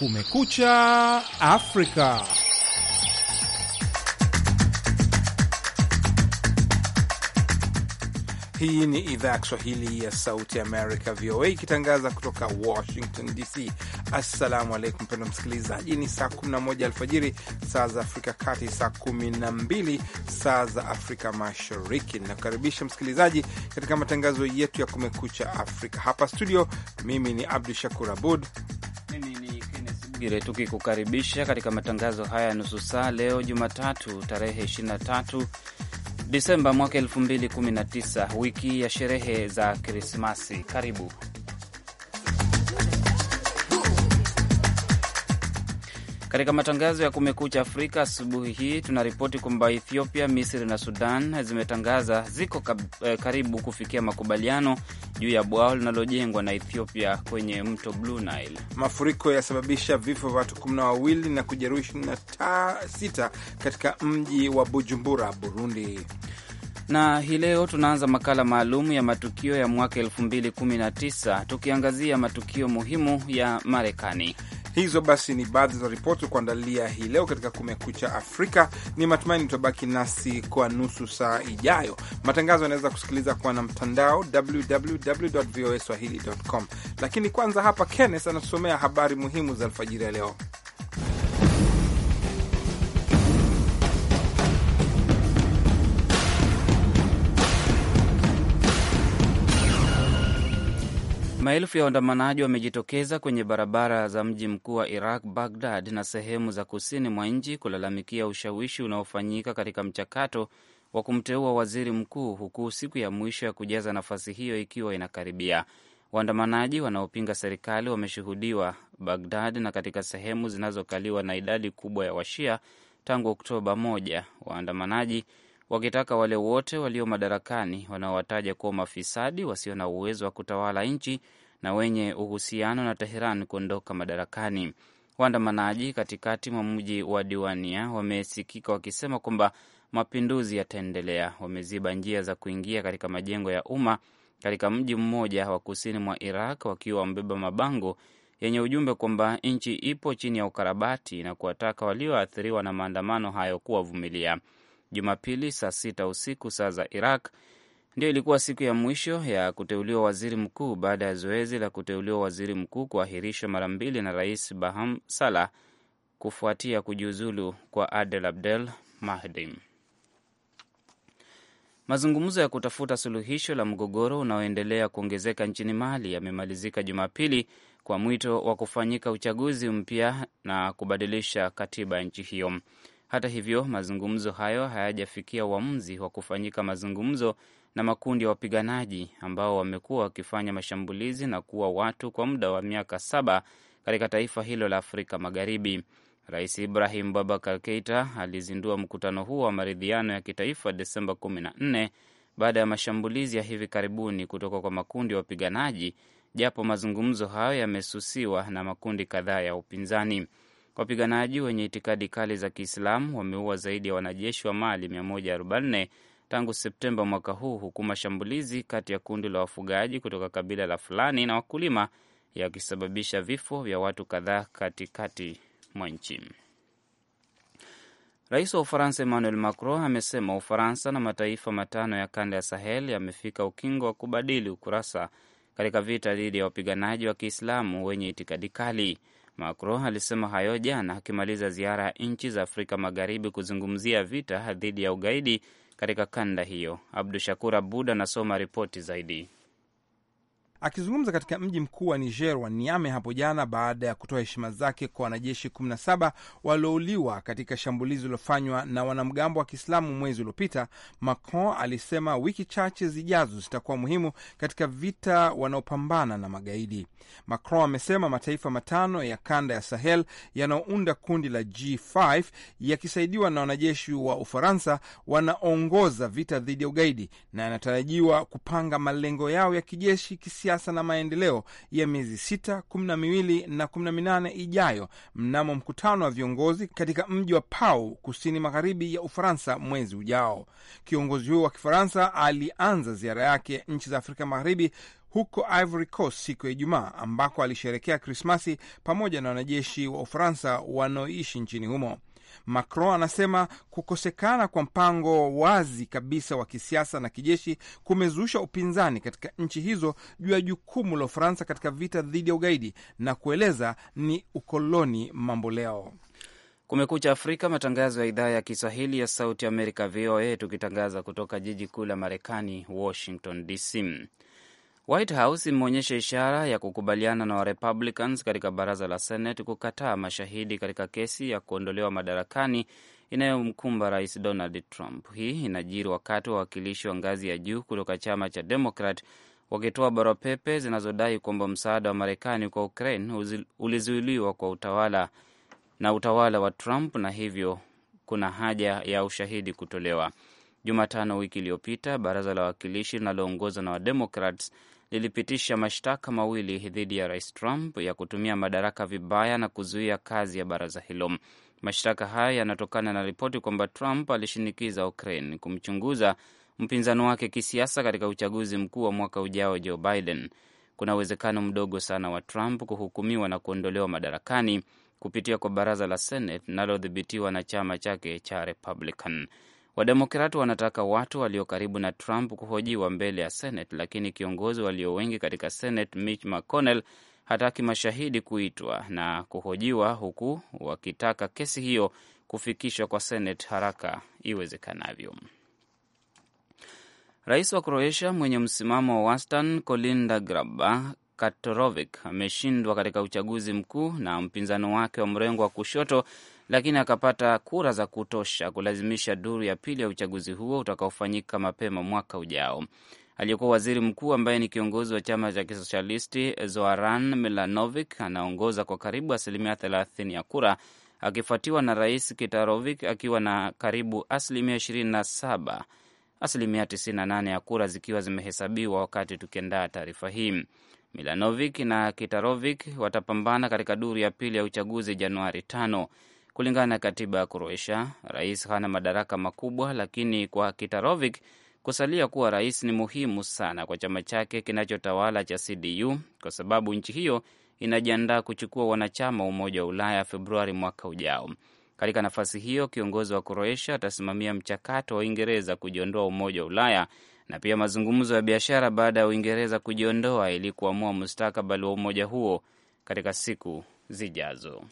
Kumekucha Afrika. Hii ni idhaa ya Kiswahili ya Sauti Amerika, VOA, ikitangaza kutoka Washington DC. Assalamu alaikum mpendwa msikilizaji, ni saa 11 alfajiri saa za Afrika Kati, saa 12 saa za Afrika Mashariki. inakukaribisha msikilizaji katika matangazo yetu ya Kumekucha Afrika hapa studio. Mimi ni Abdu Shakur Abud Bwire tukikukaribisha katika matangazo haya ya nusu saa leo Jumatatu tarehe 23 Disemba mwaka 2019, wiki ya sherehe za Krismasi. Karibu katika matangazo ya Kumekucha Afrika. Asubuhi hii tunaripoti kwamba Ethiopia, Misri na Sudan zimetangaza ziko eh, karibu kufikia makubaliano juu ya bwawa linalojengwa na Ethiopia kwenye mto Blue Nile. Mafuriko yasababisha vifo vya watu kumi na wawili na kujeruhi ishirini na sita katika mji wa Bujumbura, Burundi. Na hii leo tunaanza makala maalum ya matukio ya mwaka 2019 tukiangazia matukio muhimu ya Marekani. Hizo basi ni baadhi za ripoti kuandalia hii leo katika Kumekucha Afrika. Ni matumaini tutabaki nasi kwa nusu saa ijayo. Matangazo yanaweza kusikiliza kwa na mtandao www voa swahili.com, lakini kwanza hapa Kenneth anatusomea habari muhimu za alfajiri ya leo. Maelfu ya waandamanaji wamejitokeza kwenye barabara za mji mkuu wa Iraq, Bagdad, na sehemu za kusini mwa nchi kulalamikia ushawishi unaofanyika katika mchakato wa kumteua waziri mkuu, huku siku ya mwisho ya kujaza nafasi hiyo ikiwa inakaribia. Waandamanaji wanaopinga serikali wameshuhudiwa Bagdad na katika sehemu zinazokaliwa na idadi kubwa ya Washia tangu Oktoba moja. Waandamanaji wakitaka wale wote walio madarakani wanaowataja kuwa mafisadi wasio na uwezo wa kutawala nchi na wenye uhusiano na Teheran kuondoka madarakani. Waandamanaji katikati mwa mji wa Diwania wamesikika wakisema kwamba mapinduzi yataendelea. Wameziba njia za kuingia katika majengo ya umma katika mji mmoja wa kusini mwa Iraq wakiwa wamebeba mabango yenye ujumbe kwamba nchi ipo chini ya ukarabati na kuwataka walioathiriwa na maandamano hayo kuwavumilia. Jumapili saa sita usiku saa za Iraq ndio ilikuwa siku ya mwisho ya kuteuliwa waziri mkuu baada ya zoezi la kuteuliwa waziri mkuu kuahirishwa mara mbili na Rais Baham Salah kufuatia kujiuzulu kwa Adel Abdel Mahdim. Mazungumzo ya kutafuta suluhisho la mgogoro unaoendelea kuongezeka nchini Mali yamemalizika Jumapili kwa mwito wa kufanyika uchaguzi mpya na kubadilisha katiba ya nchi hiyo. Hata hivyo, mazungumzo hayo hayajafikia uamuzi wa kufanyika mazungumzo na makundi ya wa wapiganaji ambao wamekuwa wakifanya mashambulizi na kuua watu kwa muda wa miaka saba katika taifa hilo la Afrika Magharibi. Rais Ibrahim Babakar Keita alizindua mkutano huo wa maridhiano ya kitaifa Desemba 14 baada ya mashambulizi ya hivi karibuni kutoka kwa makundi ya wa wapiganaji, japo mazungumzo hayo yamesusiwa na makundi kadhaa ya upinzani. Wapiganaji wenye itikadi kali za Kiislamu wameua zaidi ya wanajeshi wa Mali 140 tangu Septemba mwaka huu, huku mashambulizi kati ya kundi la wafugaji kutoka kabila la Fulani na wakulima yakisababisha vifo vya watu kadhaa katikati mwa nchi. Rais wa Ufaransa Emmanuel Macron amesema Ufaransa na mataifa matano ya kanda ya Sahel yamefika ukingo wa kubadili ukurasa katika vita dhidi ya wapiganaji wa Kiislamu wenye itikadi kali. Macron alisema hayo jana akimaliza ziara ya nchi za Afrika Magharibi kuzungumzia vita dhidi ya ugaidi katika kanda hiyo. Abdu Shakur Abud anasoma ripoti zaidi. Akizungumza katika mji mkuu wa Niger wa Niame hapo jana, baada ya kutoa heshima zake kwa wanajeshi 17 waliouliwa katika shambulizi lilofanywa na wanamgambo wa Kiislamu mwezi uliopita, Macron alisema wiki chache zijazo zitakuwa muhimu katika vita wanaopambana na magaidi. Macron amesema mataifa matano ya kanda ya Sahel yanayounda kundi la G5 yakisaidiwa na wanajeshi wa Ufaransa wanaongoza vita dhidi ya ugaidi na yanatarajiwa kupanga malengo yao ya kijeshi kisi kisiasa na maendeleo ya miezi sita, kumi na miwili na kumi na minane ijayo mnamo mkutano wa viongozi katika mji wa Pau kusini magharibi ya Ufaransa mwezi ujao. Kiongozi huyo wa Kifaransa alianza ziara yake ya nchi za Afrika Magharibi huko Ivory Coast siku ya Ijumaa ambako alisherekea Krismasi pamoja na wanajeshi wa Ufaransa wanaoishi nchini humo. Macron anasema kukosekana kwa mpango wazi kabisa wa kisiasa na kijeshi kumezusha upinzani katika nchi hizo juu ya jukumu la Ufaransa katika vita dhidi ya ugaidi na kueleza ni ukoloni mamboleo. Kumekucha Afrika, matangazo ya idhaa ya Kiswahili ya Sauti Amerika, VOA, tukitangaza kutoka jiji kuu la Marekani, Washington DC. White House imeonyesha ishara ya kukubaliana na Warepublicans katika baraza la Senate kukataa mashahidi katika kesi ya kuondolewa madarakani inayomkumba rais Donald Trump. Hii inajiri wakati wa wawakilishi wa ngazi ya juu kutoka chama cha Demokrat wakitoa barua pepe zinazodai kwamba msaada wa Marekani kwa Ukraine ulizuiliwa kwa utawala na utawala wa Trump na hivyo kuna haja ya ushahidi kutolewa. Jumatano wiki iliyopita, baraza la wawakilishi linaloongozwa na Wademokrats lilipitisha mashtaka mawili dhidi ya rais Trump ya kutumia madaraka vibaya na kuzuia kazi ya baraza hilo. Mashtaka hayo yanatokana na ripoti kwamba Trump alishinikiza Ukraine kumchunguza mpinzani wake kisiasa katika uchaguzi mkuu wa mwaka ujao, Joe Biden. Kuna uwezekano mdogo sana wa Trump kuhukumiwa na kuondolewa madarakani kupitia kwa baraza la Senate linalodhibitiwa na chama chake cha Republican. Wademokrati wanataka watu walio karibu na Trump kuhojiwa mbele ya Senate, lakini kiongozi walio wengi katika Senate Mitch McConnell hataki mashahidi kuitwa na kuhojiwa, huku wakitaka kesi hiyo kufikishwa kwa Senate haraka iwezekanavyo. Rais wa Kroatia mwenye msimamo wa wastan Kolinda Graba Katorovic ameshindwa katika uchaguzi mkuu na mpinzano wake wa mrengo wa kushoto lakini akapata kura za kutosha kulazimisha duru ya pili ya uchaguzi huo utakaofanyika mapema mwaka ujao. Aliyekuwa waziri mkuu ambaye ni kiongozi wa chama cha kisosialisti Zoran Milanovic anaongoza kwa karibu asilimia thelathini ya kura akifuatiwa na rais Kitarovic akiwa na karibu asilimia ishirini na saba, asilimia tisini na nane ya kura zikiwa zimehesabiwa wakati tukiandaa taarifa hii. Milanovic na Kitarovic watapambana katika duru ya pili ya uchaguzi Januari tano. Kulingana na katiba ya Kroatia, rais hana madaraka makubwa, lakini kwa Kitarovic kusalia kuwa rais ni muhimu sana kwa chama chake kinachotawala cha CDU kwa sababu nchi hiyo inajiandaa kuchukua wanachama wa Umoja wa Ulaya Februari mwaka ujao. Katika nafasi hiyo, kiongozi wa Kroatia atasimamia mchakato wa Uingereza kujiondoa Umoja wa Ulaya na pia mazungumzo ya biashara baada ya Uingereza kujiondoa ili kuamua mustakabali wa umoja huo katika siku zijazo.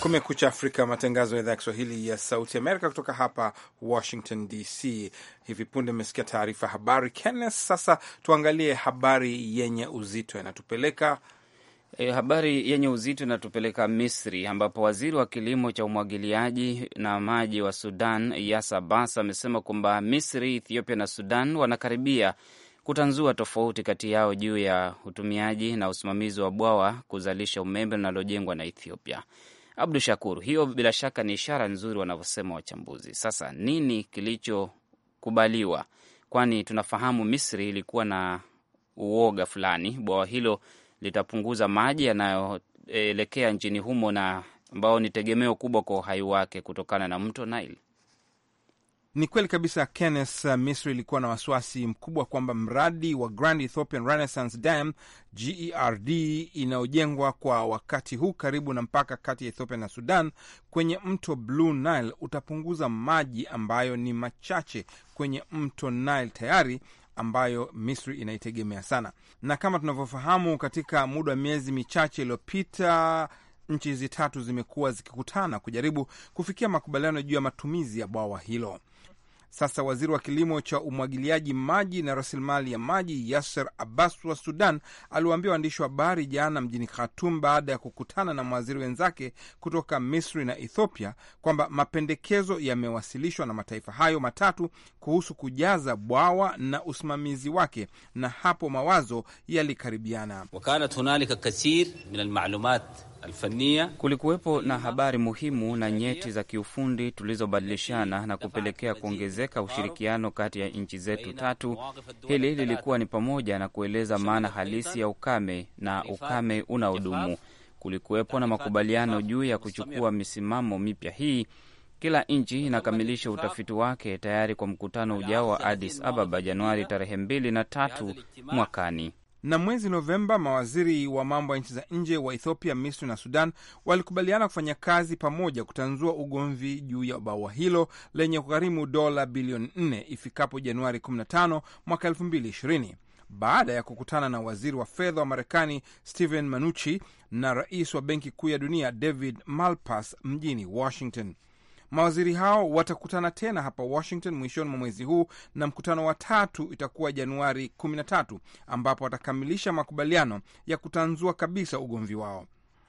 Kumekucha Afrika, matangazo ya idhaa ya Kiswahili ya Sauti Amerika kutoka hapa Washington DC. Hivi punde mmesikia taarifa habari Kenneth. Sasa tuangalie habari yenye uzito, yanatupeleka E, habari yenye uzito inatupeleka Misri ambapo waziri wa kilimo cha umwagiliaji na maji wa Sudan yasabas amesema kwamba Misri, Ethiopia na Sudan wanakaribia kutanzua tofauti kati yao juu ya utumiaji na usimamizi wa bwawa kuzalisha umeme linalojengwa na Ethiopia. Abdu Shakur, hiyo bila shaka ni ishara nzuri wanavyosema wachambuzi. Sasa nini kilichokubaliwa? Kwani tunafahamu Misri ilikuwa na uoga fulani, bwawa hilo litapunguza maji yanayoelekea nchini humo na ambao ni tegemeo kubwa kwa uhai wake kutokana na mto Nile. Ni kweli kabisa, Kenneth. Uh, Misri ilikuwa na wasiwasi mkubwa kwamba mradi wa Grand Ethiopian Renaissance Dam GERD inayojengwa kwa wakati huu karibu na mpaka kati ya Ethiopia na Sudan kwenye mto Blue Nile utapunguza maji ambayo ni machache kwenye mto Nile tayari ambayo Misri inaitegemea sana, na kama tunavyofahamu, katika muda wa miezi michache iliyopita nchi hizi tatu zimekuwa zikikutana kujaribu kufikia makubaliano juu ya matumizi ya bwawa hilo. Sasa waziri wa kilimo cha umwagiliaji maji na rasilimali ya maji Yasser Abbas wa Sudan aliwaambia waandishi wa habari jana mjini Khartoum baada ya kukutana na mawaziri wenzake kutoka Misri na Ethiopia kwamba mapendekezo yamewasilishwa na mataifa hayo matatu kuhusu kujaza bwawa na usimamizi wake, na hapo mawazo yalikaribiana. wakanat hunalika kathir min almalumat Alfania. Kulikuwepo na habari muhimu na nyeti za kiufundi tulizobadilishana na kupelekea kuongezeka ushirikiano kati ya nchi zetu tatu. Hili lilikuwa ni pamoja na kueleza maana halisi ya ukame na ukame unaodumu. Kulikuwepo na makubaliano juu ya kuchukua misimamo mipya. Hii kila nchi inakamilisha utafiti wake tayari kwa mkutano ujao wa Addis Ababa Januari tarehe mbili na tatu mwakani. Na mwezi Novemba, mawaziri wa mambo ya nchi za nje wa Ethiopia, Misri na Sudan walikubaliana kufanya kazi pamoja kutanzua ugomvi juu ya bawa hilo lenye kugharimu dola bilioni 4 ifikapo Januari 15 mwaka 2020 baada ya kukutana na waziri wa fedha wa Marekani Steven Mnuchin na rais wa Benki Kuu ya Dunia David Malpass mjini Washington. Mawaziri hao watakutana tena hapa Washington mwishoni mwa mwezi huu, na mkutano wa tatu itakuwa Januari 13 ambapo watakamilisha makubaliano ya kutanzua kabisa ugomvi wao.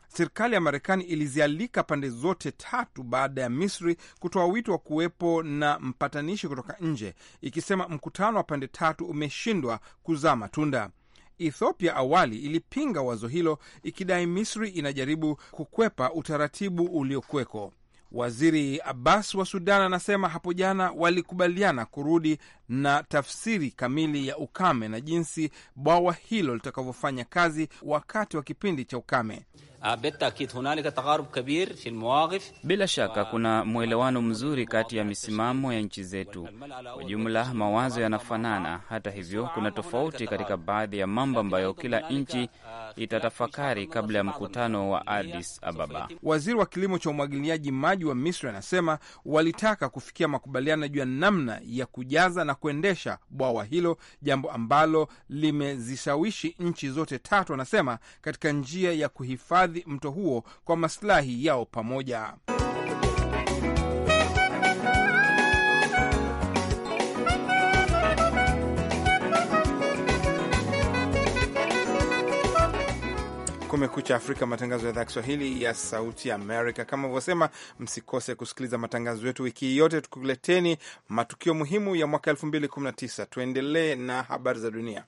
Serikali ya Marekani ilizialika pande zote tatu baada ya Misri kutoa wito wa kuwepo na mpatanishi kutoka nje, ikisema mkutano wa pande tatu umeshindwa kuzaa matunda. Ethiopia awali ilipinga wazo hilo, ikidai Misri inajaribu kukwepa utaratibu uliokuweko. Waziri Abbas wa Sudan anasema hapo jana walikubaliana kurudi na tafsiri kamili ya ukame na jinsi bwawa hilo litakavyofanya kazi wakati wa kipindi cha ukame. Ah, Bila ah, shaka kuna mwelewano mzuri kati ya misimamo ya nchi zetu. Kwa jumla, mawazo yanafanana. Hata hivyo, kuna tofauti katika baadhi ya mambo ambayo kila nchi itatafakari kabla ya mkutano wa Addis Ababa. Waziri wa kilimo cha umwagiliaji maji wa Misri anasema walitaka kufikia makubaliano juu ya namna ya kujaza na kuendesha bwawa hilo, jambo ambalo limezishawishi nchi zote tatu, anasema katika njia ya kuhifadhi kuhifadhi mto huo kwa masilahi yao pamoja. Kumekucha Afrika, matangazo ya idhaa Kiswahili ya Sauti Amerika. Kama ulivyosema, msikose kusikiliza matangazo yetu wiki yote, tukuleteni matukio muhimu ya mwaka 2019. Tuendelee na habari za dunia.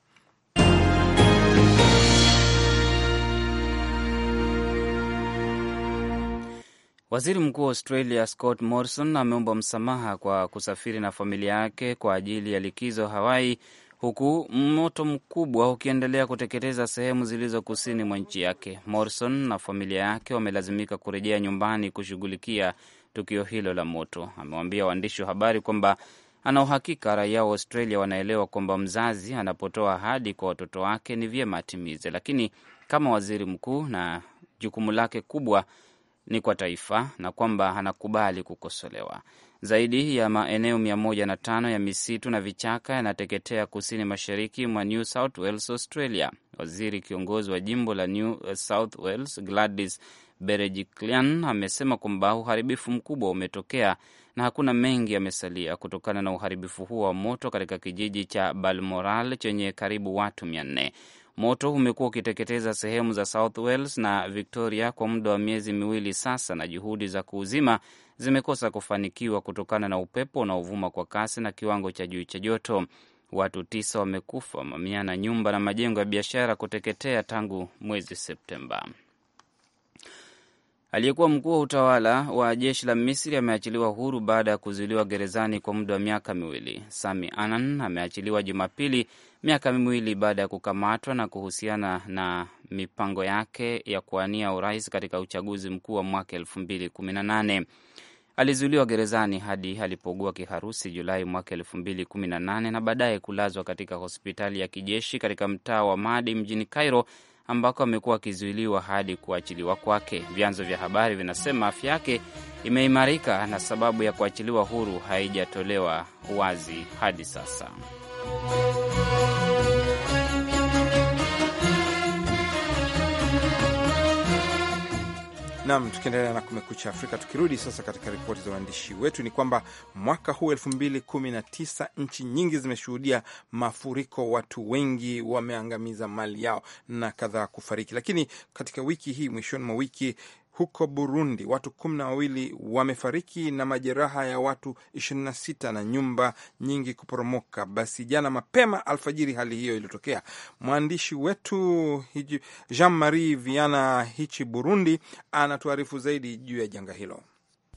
Waziri Mkuu wa Australia Scott Morrison ameomba msamaha kwa kusafiri na familia yake kwa ajili ya likizo Hawaii, huku moto mkubwa ukiendelea kuteketeza sehemu zilizo kusini mwa nchi yake. Morrison na familia yake wamelazimika kurejea nyumbani kushughulikia tukio hilo la moto. Amewaambia waandishi wa habari kwamba ana uhakika raia wa Australia wanaelewa kwamba mzazi anapotoa ahadi kwa watoto wake ni vyema atimize, lakini kama waziri mkuu na jukumu lake kubwa ni kwa taifa na kwamba anakubali kukosolewa. Zaidi ya maeneo 105 ya misitu na vichaka yanateketea kusini mashariki mwa New South Wales, Australia. Waziri kiongozi wa jimbo la New South Wales Gladys Berejiklian amesema kwamba uharibifu mkubwa umetokea na hakuna mengi yamesalia kutokana na uharibifu huo wa moto katika kijiji cha Balmoral chenye karibu watu 400. Moto umekuwa ukiteketeza sehemu za South Wales na Victoria kwa muda wa miezi miwili sasa, na juhudi za kuuzima zimekosa kufanikiwa kutokana na upepo unaovuma kwa kasi na kiwango cha juu cha joto. Watu tisa wamekufa, mamia na nyumba na majengo ya biashara kuteketea tangu mwezi Septemba. Aliyekuwa mkuu wa utawala wa jeshi la Misri ameachiliwa huru baada ya kuzuiliwa gerezani kwa muda wa miaka miwili. Sami Anan ameachiliwa Jumapili miaka miwili baada ya kukamatwa na kuhusiana na mipango yake ya kuwania urais katika uchaguzi mkuu wa mwaka elfu mbili kumi na nane. Alizuiliwa gerezani hadi alipougua kiharusi Julai mwaka elfu mbili kumi na nane na baadaye kulazwa katika hospitali ya kijeshi katika mtaa wa Madi mjini Cairo, ambako amekuwa akizuiliwa hadi kuachiliwa kwake. Vyanzo vya habari vinasema afya yake imeimarika na sababu ya kuachiliwa huru haijatolewa wazi hadi sasa. Nam, tukiendelea na Kumekucha Afrika, tukirudi sasa katika ripoti za waandishi wetu, ni kwamba mwaka huu elfu mbili kumi na tisa nchi nyingi zimeshuhudia mafuriko, watu wengi wameangamiza mali yao na kadhaa kufariki. Lakini katika wiki hii, mwishoni mwa wiki, huko Burundi watu kumi na wawili wamefariki na majeraha ya watu 26 na nyumba nyingi kuporomoka. Basi jana mapema alfajiri hali hiyo iliyotokea Mwandishi wetu Jean Marie Viana hichi Burundi anatuarifu zaidi juu ya janga hilo.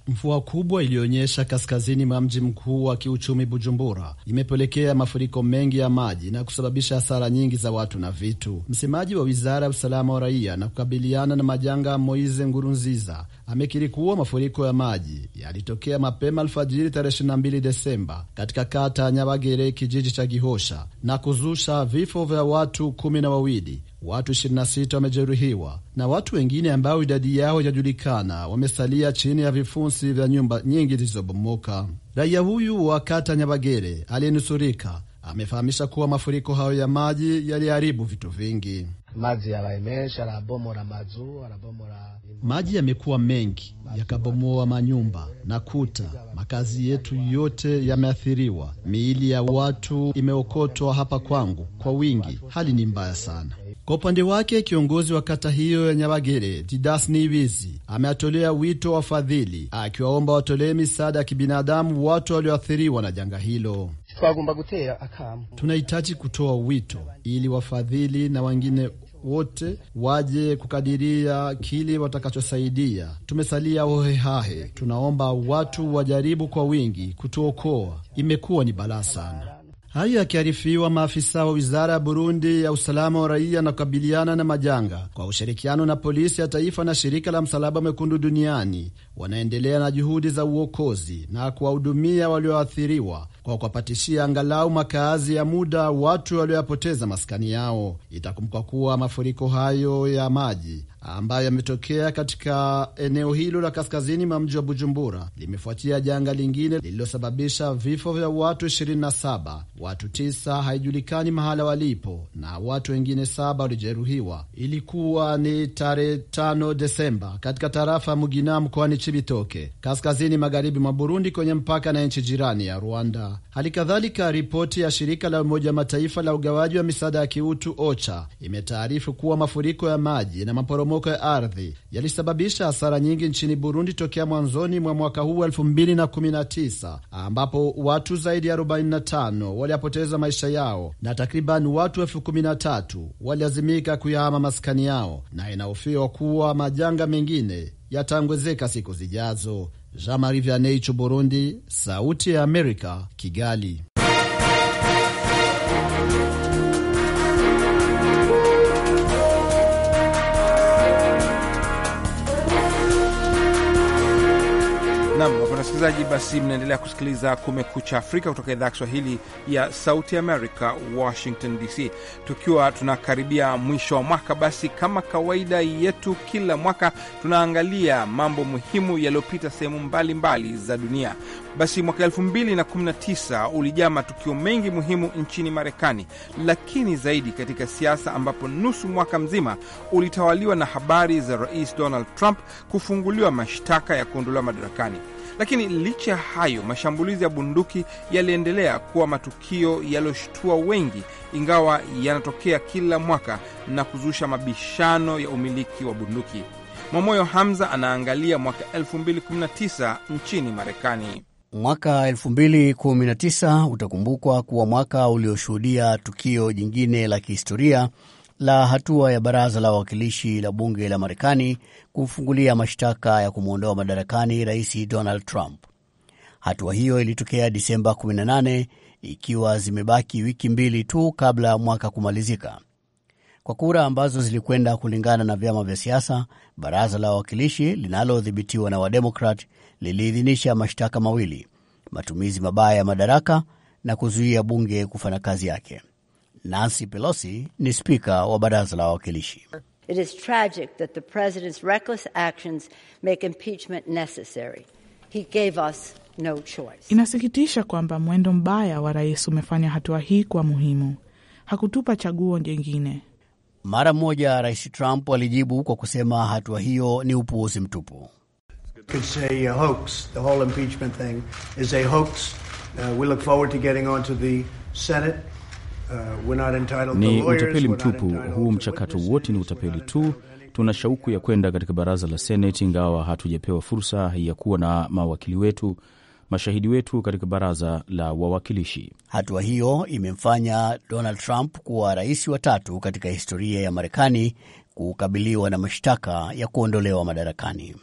Mvua kubwa iliyoonyesha kaskazini mwa mji mkuu wa kiuchumi Bujumbura imepelekea mafuriko mengi ya maji na kusababisha hasara nyingi za watu na vitu. Msemaji wa wizara ya usalama wa raia na kukabiliana na majanga, moise Ngurunziza, amekiri kuwa mafuriko ya maji yalitokea mapema alfajiri tarehe 22 Desemba katika kata ya Nyabagere, kijiji cha Gihosha, na kuzusha vifo vya watu kumi na wawili watu 26 wamejeruhiwa na watu wengine ambao idadi yao haijajulikana wamesalia chini ya vifunsi vya nyumba nyingi zilizobomoka. Raia huyu wa kata Nyabagere aliyenusurika amefahamisha kuwa mafuriko hayo ya maji yaliharibu vitu vingi mazi yabaemesha arabomora amazu arabomora. Maji yamekuwa mengi yakabomoa manyumba na kuta, makazi yetu yote yameathiriwa. Miili ya watu imeokotwa hapa kwangu kwa wingi, hali ni mbaya sana. Kwa upande wake kiongozi wa kata hiyo ya Nyabagere Didas Nibizi ameatolea wito wafadhili, akiwaomba watolee misaada ya kibinadamu watu walioathiriwa na janga hilo. Tunahitaji kutoa wito ili wafadhili na wengine wote waje kukadiria kile watakachosaidia. Tumesalia hohehahe, tunaomba watu wajaribu kwa wingi kutuokoa. Imekuwa ni balaa sana. Hayo yakiarifiwa, maafisa wa wizara ya Burundi ya usalama wa raia na kukabiliana na majanga kwa ushirikiano na polisi ya taifa na shirika la Msalaba Mwekundu duniani wanaendelea na juhudi za uokozi na kuwahudumia walioathiriwa kwa kuwapatishia angalau makaazi ya muda watu walioyapoteza maskani yao. Itakumbukwa kuwa mafuriko hayo ya maji ambayo yametokea katika eneo hilo la kaskazini mwa mji wa Bujumbura limefuatia janga lingine lililosababisha vifo vya watu 27, watu tisa haijulikani mahala walipo na watu wengine saba walijeruhiwa. Ilikuwa ni tarehe 5 Desemba katika tarafa ya Mugina mkoani Chibitoke, kaskazini magharibi mwa Burundi kwenye mpaka na nchi jirani ya Rwanda. Hali kadhalika, ripoti ya shirika la Umoja Mataifa la ugawaji wa misaada ya kiutu OCHA imetaarifu kuwa mafuriko ya maji na maporomoko maporomoko ya ardhi yalisababisha hasara nyingi nchini Burundi tokea mwanzoni mwa mwaka huu 2019 ambapo watu zaidi ya 45 waliapoteza maisha yao na takriban watu elfu kumi na tatu walilazimika kuyahama maskani yao, na inahofiwa kuwa majanga mengine yataongezeka siku zijazo. Jean Marie Vianney, Burundi, Sauti ya Amerika, Kigali. Nam Wapendwa wasikilizaji, basi mnaendelea kusikiliza Kumekucha Afrika kutoka idhaa ya Kiswahili ya Sauti America, Washington DC. Tukiwa tunakaribia mwisho wa mwaka, basi kama kawaida yetu kila mwaka tunaangalia mambo muhimu yaliyopita sehemu mbalimbali za dunia. Basi mwaka 219 ulijaa matukio mengi muhimu nchini Marekani, lakini zaidi katika siasa, ambapo nusu mwaka mzima ulitawaliwa na habari za Rais Donald Trump kufunguliwa mashtaka ya kuondolewa madarakani. Lakini licha ya hayo, mashambulizi ya bunduki yaliendelea kuwa matukio yaliyoshtua wengi, ingawa yanatokea kila mwaka na kuzusha mabishano ya umiliki wa bunduki. Mwamoyo Hamza anaangalia mwaka 2019 nchini Marekani. Mwaka 2019 utakumbukwa kuwa mwaka ulioshuhudia tukio jingine la kihistoria la hatua ya baraza la wawakilishi la bunge la Marekani kumfungulia mashtaka ya kumwondoa madarakani rais Donald Trump. Hatua hiyo ilitokea Disemba 18 ikiwa zimebaki wiki mbili tu kabla ya mwaka kumalizika. Kwa kura ambazo zilikwenda kulingana na vyama vya siasa, baraza la wawakilishi linalodhibitiwa na Wademokrat liliidhinisha mashtaka mawili: matumizi mabaya ya madaraka na kuzuia bunge kufanya kazi yake. Nancy Pelosi ni spika wa baraza la wawakilishi. It is tragic that the president's reckless actions make impeachment necessary. He gave us no choice. Inasikitisha kwamba mwendo mbaya wa rais umefanya hatua hii kuwa muhimu. Hakutupa chaguo jingine. Mara moja Rais Trump alijibu kwa kusema hatua hiyo ni upuuzi mtupu. Uh, ni utapeli mtupu huu. Mchakato wote ni utapeli tu. Tuna shauku ya kwenda katika baraza la Seneti, ingawa hatujapewa fursa ya kuwa na mawakili wetu, mashahidi wetu katika baraza la wawakilishi. Hatua hiyo imemfanya Donald Trump kuwa rais wa tatu katika historia ya Marekani kukabiliwa na mashtaka ya kuondolewa madarakani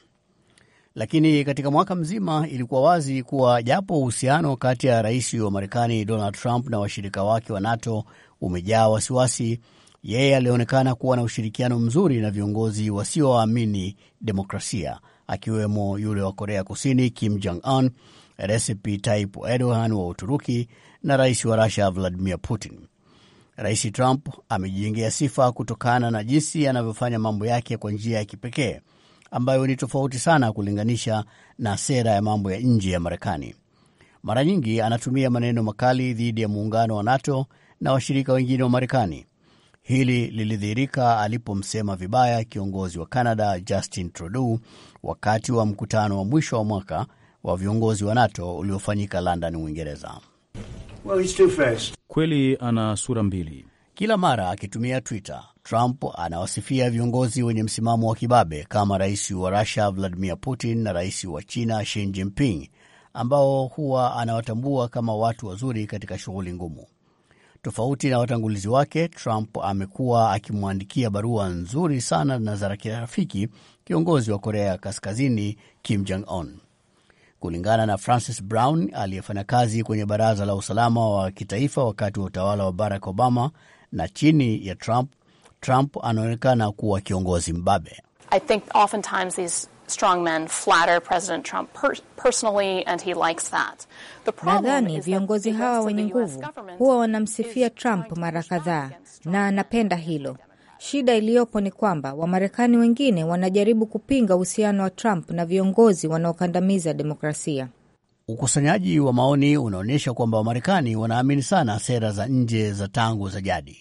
lakini katika mwaka mzima ilikuwa wazi kuwa japo uhusiano kati ya rais wa Marekani Donald Trump na washirika wake wa NATO umejaa wasiwasi, yeye alionekana kuwa na ushirikiano mzuri na viongozi wasioamini demokrasia, akiwemo yule wa Korea Kusini Kim Jong Un, Recep Tayyip Erdogan wa Uturuki na rais wa Rusia Vladimir Putin. Rais Trump amejijengea sifa kutokana na jinsi anavyofanya mambo yake kwa njia ya kipekee ambayo ni tofauti sana kulinganisha na sera ya mambo ya nje ya Marekani. Mara nyingi anatumia maneno makali dhidi ya muungano wa NATO na washirika wengine wa Marekani. Hili lilidhihirika alipomsema vibaya kiongozi wa Canada Justin Trudeau wakati wa mkutano wa mwisho wa mwaka wa viongozi wa NATO uliofanyika London, Uingereza. Well, kweli ana sura mbili. Kila mara akitumia Twitter, Trump anawasifia viongozi wenye msimamo wa kibabe kama rais wa Rusia Vladimir Putin na rais wa China Xi Jinping, ambao huwa anawatambua kama watu wazuri katika shughuli ngumu. Tofauti na watangulizi wake, Trump amekuwa akimwandikia barua nzuri sana na za kirafiki kiongozi wa Korea ya Kaskazini Kim Jong Un. Kulingana na Francis Brown aliyefanya kazi kwenye Baraza la Usalama wa Kitaifa wakati wa utawala wa Barack Obama, na chini ya Trump, Trump anaonekana kuwa kiongozi mbabe. I think oftentimes these strong men flatter President Trump per personally and he likes that. Nadhani viongozi hawa wenye nguvu huwa wanamsifia Trump mara kadhaa na anapenda hilo. Shida iliyopo ni kwamba Wamarekani wengine wanajaribu kupinga uhusiano wa Trump na viongozi wanaokandamiza demokrasia. Ukusanyaji wa maoni unaonyesha kwamba Wamarekani wanaamini sana sera za nje za tangu za jadi.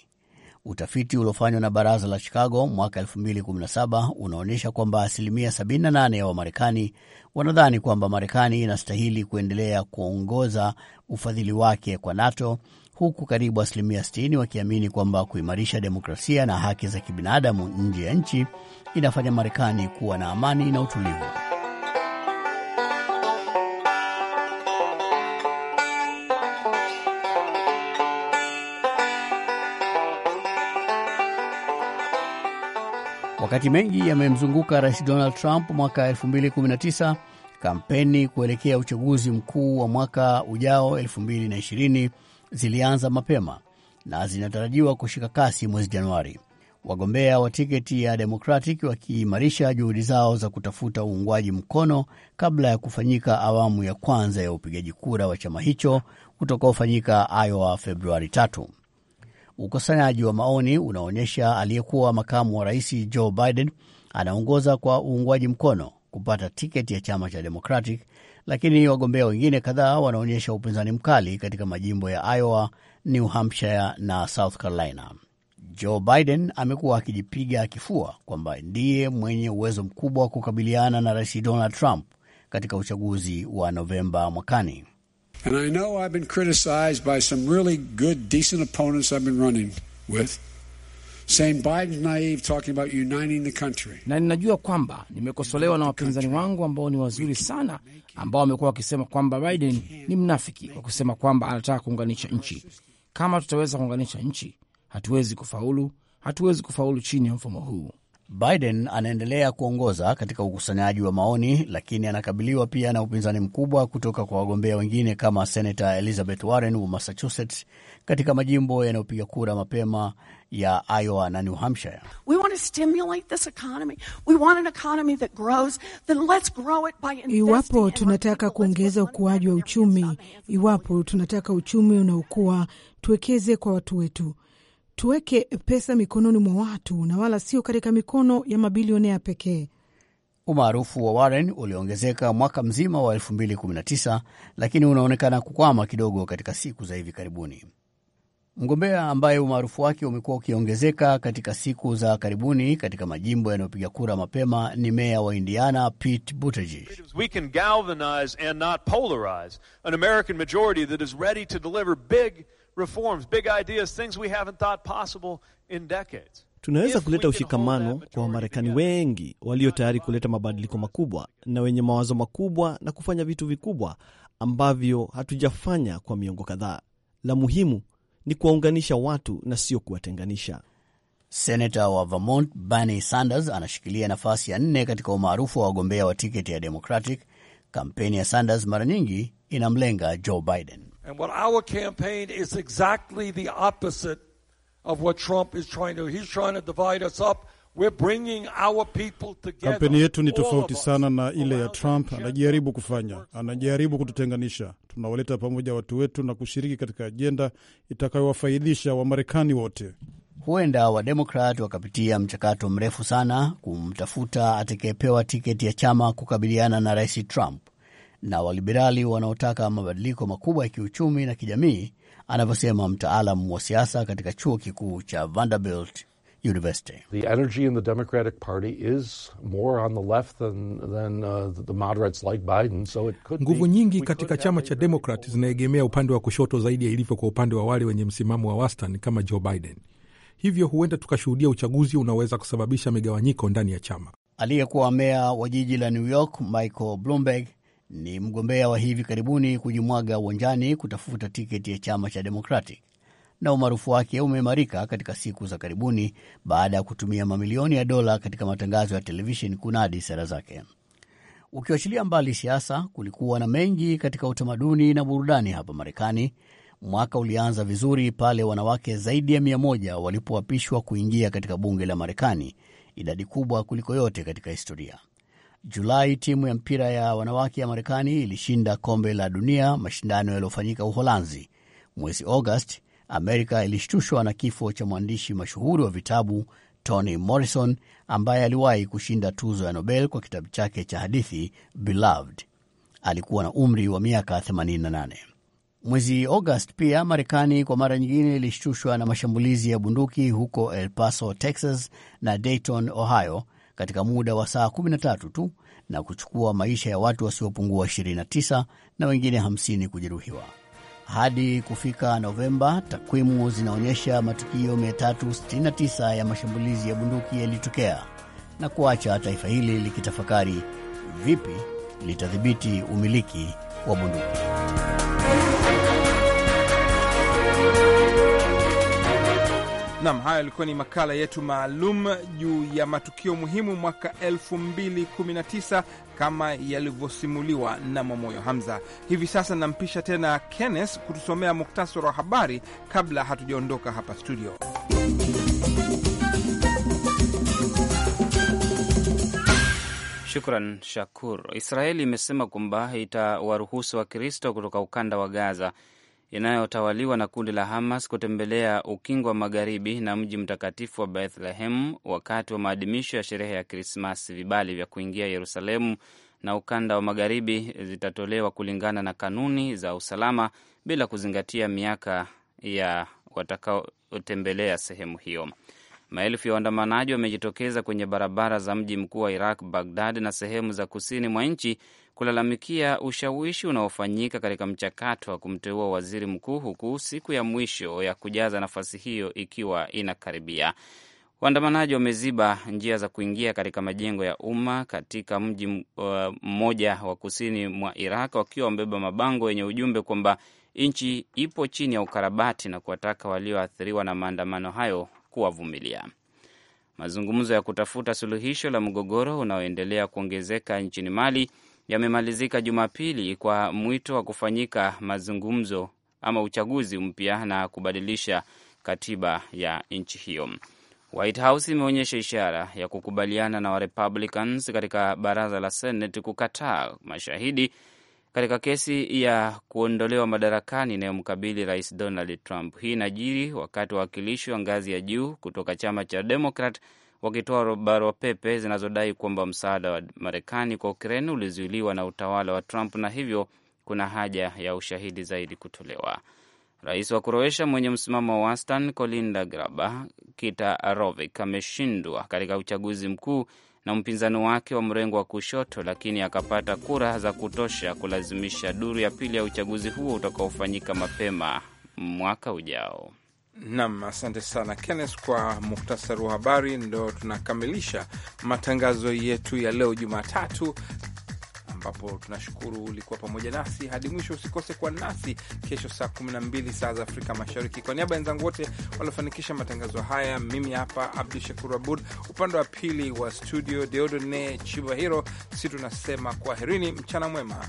Utafiti uliofanywa na baraza la Chicago mwaka 2017 unaonyesha kwamba asilimia 78 ya Wamarekani wanadhani kwamba Marekani inastahili kuendelea kuongoza ufadhili wake kwa NATO, huku karibu asilimia 60 wakiamini kwamba kuimarisha demokrasia na haki za kibinadamu nje ya nchi inafanya Marekani kuwa na amani na utulivu. Wakati mengi yamemzunguka Rais Donald Trump mwaka 2019, kampeni kuelekea uchaguzi mkuu wa mwaka ujao 2020 zilianza mapema na zinatarajiwa kushika kasi mwezi Januari, wagombea wa tiketi ya Democratic wakiimarisha juhudi zao za kutafuta uungwaji mkono kabla ya kufanyika awamu ya kwanza ya upigaji kura wa chama hicho utakaofanyika Iowa Februari 3. Ukusanyaji wa maoni unaonyesha aliyekuwa makamu wa rais Joe Biden anaongoza kwa uungwaji mkono kupata tiketi ya chama cha Democratic, lakini wagombea wengine kadhaa wanaonyesha upinzani mkali katika majimbo ya Iowa, New Hampshire na South Carolina. Joe Biden amekuwa akijipiga kifua kwamba ndiye mwenye uwezo mkubwa wa kukabiliana na rais Donald Trump katika uchaguzi wa Novemba mwakani. And I know I've been criticized by some really good, decent opponents I've been running with saying Biden's naive talking about uniting the country. Na ninajua kwamba nimekosolewa na wapinzani wangu ambao ni wazuri sana ambao wamekuwa wakisema kwamba Biden ni mnafiki kwa kusema kwamba anataka kuunganisha nchi. Kama tutaweza kuunganisha nchi, hatuwezi kufaulu, hatuwezi kufaulu chini ya mfumo huu. Biden anaendelea kuongoza katika ukusanyaji wa maoni, lakini anakabiliwa pia na upinzani mkubwa kutoka kwa wagombea wengine kama Senata Elizabeth Warren wa Massachusetts katika majimbo yanayopiga kura mapema ya Iowa na New Hampshire. Iwapo tunataka kuongeza ukuaji wa uchumi, iwapo tunataka uchumi unaokuwa, tuwekeze kwa watu wetu tuweke pesa mikononi mwa watu na wala sio katika mikono ya mabilionea pekee. Umaarufu wa Warren uliongezeka mwaka mzima wa 2019 lakini unaonekana kukwama kidogo katika siku za hivi karibuni. Mgombea ambaye umaarufu wake umekuwa ukiongezeka katika siku za karibuni katika majimbo yanayopiga kura mapema ni meya wa Indiana Pete Buttigieg reforms, big ideas, things we haven't thought possible in decades. Tunaweza kuleta ushikamano kwa Wamarekani wengi walio tayari kuleta mabadiliko makubwa na wenye mawazo makubwa na kufanya vitu vikubwa ambavyo hatujafanya kwa miongo kadhaa. La muhimu ni kuwaunganisha watu na sio kuwatenganisha. Senata wa Vermont Bernie Sanders anashikilia nafasi ya nne katika umaarufu wa wagombea wa tiketi ya Democratic. Kampeni ya Sanders mara nyingi inamlenga Joe Biden. And what our campaign is exactly the opposite of what Trump is trying to. He's trying to divide us up. We're bringing our people together. Kampeni yetu ni tofauti sana na ile ya Trump anajaribu kufanya, anajaribu kututenganisha. Tunawaleta pamoja watu wetu na kushiriki katika ajenda itakayowafaidisha Wamarekani wote. Huenda Wademokrat wakapitia mchakato mrefu sana kumtafuta atakayepewa tiketi ya chama kukabiliana na Rais Trump na waliberali wanaotaka mabadiliko makubwa ya kiuchumi na kijamii, anavyosema mtaalam wa siasa katika chuo kikuu cha Vanderbilt University. The energy in the Democratic Party is more on the left than, than, uh, the moderates like Biden, so it could nguvu nyingi katika chama cha Demokrat zinaegemea upande wa kushoto zaidi ya ilivyo kwa upande wa wale wenye msimamo wa wastani kama Joe Biden. Hivyo huenda tukashuhudia uchaguzi unaweza kusababisha migawanyiko ndani ya chama. Aliyekuwa meya wa jiji la New York Michael Bloomberg ni mgombea wa hivi karibuni kujimwaga uwanjani kutafuta tiketi ya chama cha Democratic na umaarufu wake umeimarika katika siku za karibuni baada ya kutumia mamilioni ya dola katika matangazo ya televisheni kunadi sera zake. Ukiachilia mbali siasa, kulikuwa na mengi katika utamaduni na burudani hapa Marekani. Mwaka ulianza vizuri pale wanawake zaidi ya mia moja walipoapishwa kuingia katika bunge la Marekani, idadi kubwa kuliko yote katika historia. Julai timu ya mpira ya wanawake ya Marekani ilishinda kombe la dunia, mashindano yaliyofanyika Uholanzi. Mwezi Agosti, Amerika ilishtushwa na kifo cha mwandishi mashuhuri wa vitabu Toni Morrison ambaye aliwahi kushinda tuzo ya Nobel kwa kitabu chake cha hadithi Beloved. Alikuwa na umri wa miaka 88. Mwezi Agosti pia Marekani kwa mara nyingine ilishtushwa na mashambulizi ya bunduki huko El Paso, Texas na Dayton, Ohio, katika muda wa saa 13 tu na kuchukua maisha ya watu wasiopungua 29 na wengine 50 kujeruhiwa. Hadi kufika Novemba, takwimu zinaonyesha matukio 369 ya mashambulizi ya bunduki yalitokea na kuacha taifa hili likitafakari vipi litadhibiti umiliki wa bunduki. Nam, hayo yalikuwa ni makala yetu maalum juu ya matukio muhimu mwaka 2019 kama yalivyosimuliwa na Mwamoyo Hamza. Hivi sasa nampisha tena Kenneth kutusomea muktasari wa habari kabla hatujaondoka hapa studio. Shukran Shakur. Israeli imesema kwamba itawaruhusu Wakristo kutoka ukanda wa Gaza inayotawaliwa na kundi la Hamas kutembelea ukingo wa magharibi na mji mtakatifu wa Bethlehem wakati wa maadhimisho ya sherehe ya Krismasi. Vibali vya kuingia Yerusalemu na ukanda wa magharibi zitatolewa kulingana na kanuni za usalama bila kuzingatia miaka ya watakaotembelea sehemu hiyo. Maelfu ya waandamanaji wamejitokeza kwenye barabara za mji mkuu wa Iraq, Bagdad, na sehemu za kusini mwa nchi kulalamikia ushawishi unaofanyika katika mchakato wa kumteua waziri mkuu, huku siku ya mwisho ya kujaza nafasi hiyo ikiwa inakaribia. Waandamanaji wameziba njia za kuingia katika majengo ya umma katika mji uh, mmoja wa kusini mwa Iraq wakiwa wamebeba mabango yenye ujumbe kwamba nchi ipo chini ya ukarabati na kuwataka walioathiriwa na maandamano hayo kuwavumilia. Mazungumzo ya kutafuta suluhisho la mgogoro unaoendelea kuongezeka nchini Mali yamemalizika Jumapili kwa mwito wa kufanyika mazungumzo ama uchaguzi mpya na kubadilisha katiba ya nchi hiyo. White House imeonyesha ishara ya kukubaliana na Warepublicans katika baraza la Senate kukataa mashahidi katika kesi ya kuondolewa madarakani inayomkabili Rais Donald Trump. Hii inajiri wakati wawakilishi wa ngazi ya juu kutoka chama cha Demokrat wakitoa barua pepe zinazodai kwamba msaada wa Marekani kwa Ukraine ulizuiliwa na utawala wa Trump na hivyo kuna haja ya ushahidi zaidi kutolewa. Rais wa Kroatia mwenye msimamo wa wastani Kolinda kita Kitarovic ameshindwa katika uchaguzi mkuu na mpinzani wake wa mrengo wa kushoto, lakini akapata kura za kutosha kulazimisha duru ya pili ya uchaguzi huo utakaofanyika mapema mwaka ujao. Nam, asante sana Kennes kwa muhtasari wa habari. Ndo tunakamilisha matangazo yetu ya leo Jumatatu, ambapo tunashukuru ulikuwa pamoja nasi hadi mwisho. Usikose kuwa nasi kesho saa 12 saa za Afrika Mashariki. Kwa niaba ya wenzangu wote waliofanikisha matangazo haya, mimi hapa Abdu Shakur Abud, upande wa pili wa studio Deodone Chibahiro, si tunasema kwaherini, mchana mwema.